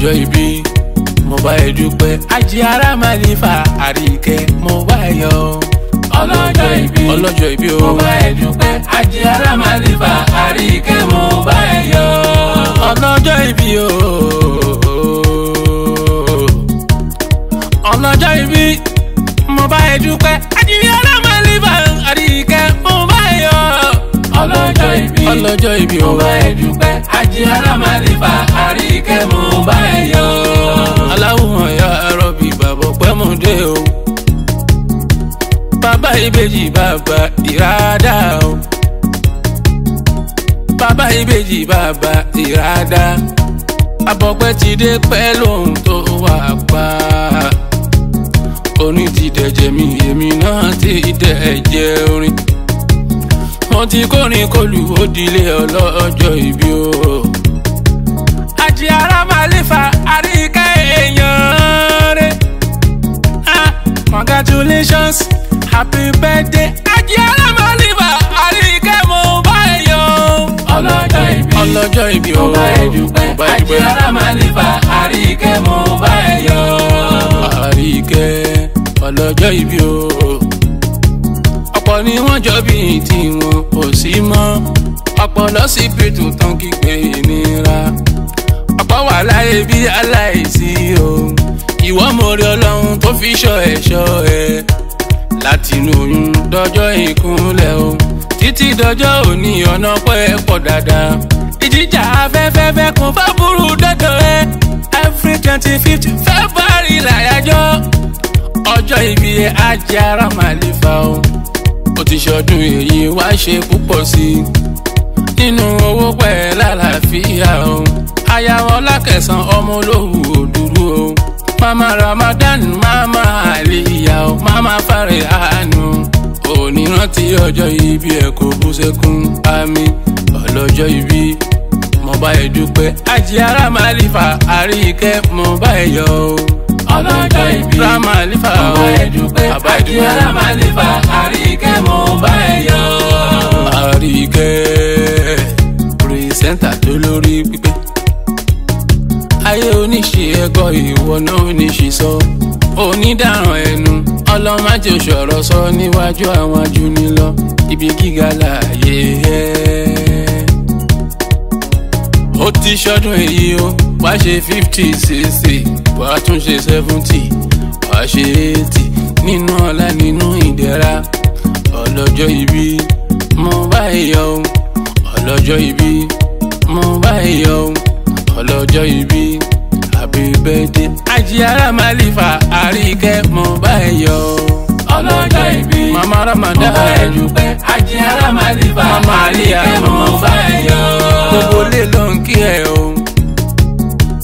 ọjọ́ ìbí mo bá ẹ dúpẹ́ ajé ara máa ní fa àríkẹ́ mo bá ẹ yọ̀ ọlọ́jọ́ ìbí ọlọ́jọ́ ìbí o mo bá ẹ dúpẹ́ ajé ara máa ní fa àríkẹ́ mo bá ẹ yọ̀ ọlọ́jọ́ ìbí o ọlọ́jọ́ ìbí mo bá ẹ dúpẹ́. ibi ọlọ́jọ́ ibi o. mo bá ẹ dúpẹ́ àjẹ alámàlífà àríkẹ́ mo bá ẹ yọ. aláwòrán ya arọ́bì bàbá pẹ́mọ̀dé o. bàbá ìbejì bàbá ìrádá o. bàbá ìbejì bàbá ìrádá. abọ́pẹ́ ti dé pẹ́ lóhun tó wà pa orin ti dẹ̀jẹ̀ mi èmi náà ti dẹ̀jẹ̀ orin mo ti kórin kọlù òdìlé ọlọ́jọ́ ìbí o. àjì ara máa lè fa àríkà èèyàn rẹ̀. congratulations happy birthday àjì ara máa lè fa àríkà mo bá èèyàn. ọlọ́jọ́ ìbí ọlọ́jọ́ ìbí o. mo bá ẹ àjì ara máa lè fa àríkà mo bá èèyàn. àríkà ọlọ́jọ́ ìbí o ọ̀pọ̀ ni wọ́n jọ bí tiwọn kò sí mọ́ ọ̀pọ̀ lọ́sibítù tán kígbe ìnira ọ̀pọ̀ wà láyé bí aláìsí o ìwọ mọ̀rẹ́ ọlọ́run tó fi ṣọ́ ẹ̀ ṣọ́ ẹ̀ látinú oyún dọjọ́ ìkúnlẹ̀ o títí dọjọ́ òní ọ̀nà pẹ́ pọ̀ dáadáa ìjìjà afẹ́fẹ́fẹ́ kún fábúrú dọ́dọ̀ ẹ every twenty fifth February làyájọ́ ọjọ́ ìbí ajé ara màlífà o ó ti ṣọdún èyí wá ṣe púpọ̀ sí i nínú owó pẹ̀ lálàáfíà o ayáwọ̀ lákẹ̀sán ọmọ olówó òdúró o mama Ramadan mama Aliya, o mama fàrẹ̀ àánú òní rántí ọjọ́ ibi ẹ̀ kò bú sẹ́kún àmì ọlọ́jọ́ ibi mo bá ẹ dúpẹ́. àjíára máa lè fa àríkẹ́ mo bá ẹ yọ o. ọlọ́jọ́ ìbí ra máa lè fa o. mo bá ẹ orí pípé ayé oníṣe ẹgbọ́ ìwọ náà oníṣe sọ onídàrán ẹnu ọlọ́májò sọ̀rọ̀ sọ níwájú àwọn ajúnilọ ibi gíga láàyè ẹ̀ ó ti ṣọdún èyí o wá ṣe fifty sixty wàá tún ṣe seventy wàá ṣe eighty nínú ọlá nínú ìdẹ̀ra ọlọ́jọ́ ìbí mo bá ìyọ̀ ọlọ́jọ́ ìbí ọjọ́ ìbí happy birthday. àjì ara máa lè fa àríkẹ́ mọ̀ báyìí yọ. ọlọ́jọ́ ìbí màmá ramadan mọ̀ báyìí dúpẹ́. ara máa lè fa àríkẹ́ mọ̀ báyìí yọ. gbogbo lè ló ń kí ẹ o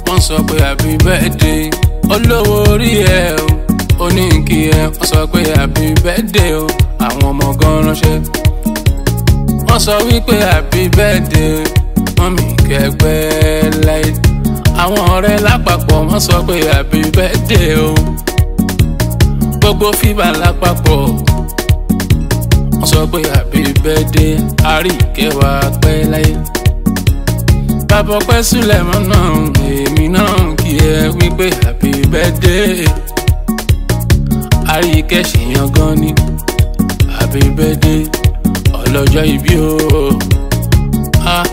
wọ́n sọ pé happy birthday olówó orí ẹ o oníkì ẹ wọ́n sọ pé happy birthday o àwọn ọmọ gan ránṣẹ́ wọ́n sọ wípé happy birthday mọ́mí kẹgbẹ́ àwọn ọ̀rẹ́ lápapọ̀ wọ́n sọ pé happy birthday o gbogbo fíbà lápapọ̀ wọ́n sọ pé happy birthday àríkẹ́wà pẹ́ láyé bàbá ọpẹ́ Sulemon náà èmi náà kí ẹ wípé happy birthday àríkẹ́ ṣèyàn gan ni happy birthday ọlọ́jọ́ ìbí o ah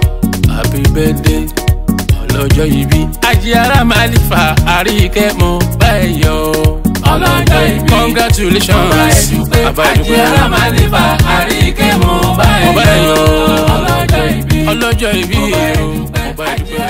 happy birthday lọ́jọ́ ìbí. àjíára máa lè fa àríkẹ́ mọ́ báyìí yọ. ọlọ́jọ́ ìbí congratulations bàbá ìdúpẹ́. àjíára máa lè fa àríkẹ́ mọ́ báyìí yọ. ọlọ́jọ́ ìbí ọlọ́jọ́ ìbí bàbá ìdúpẹ́.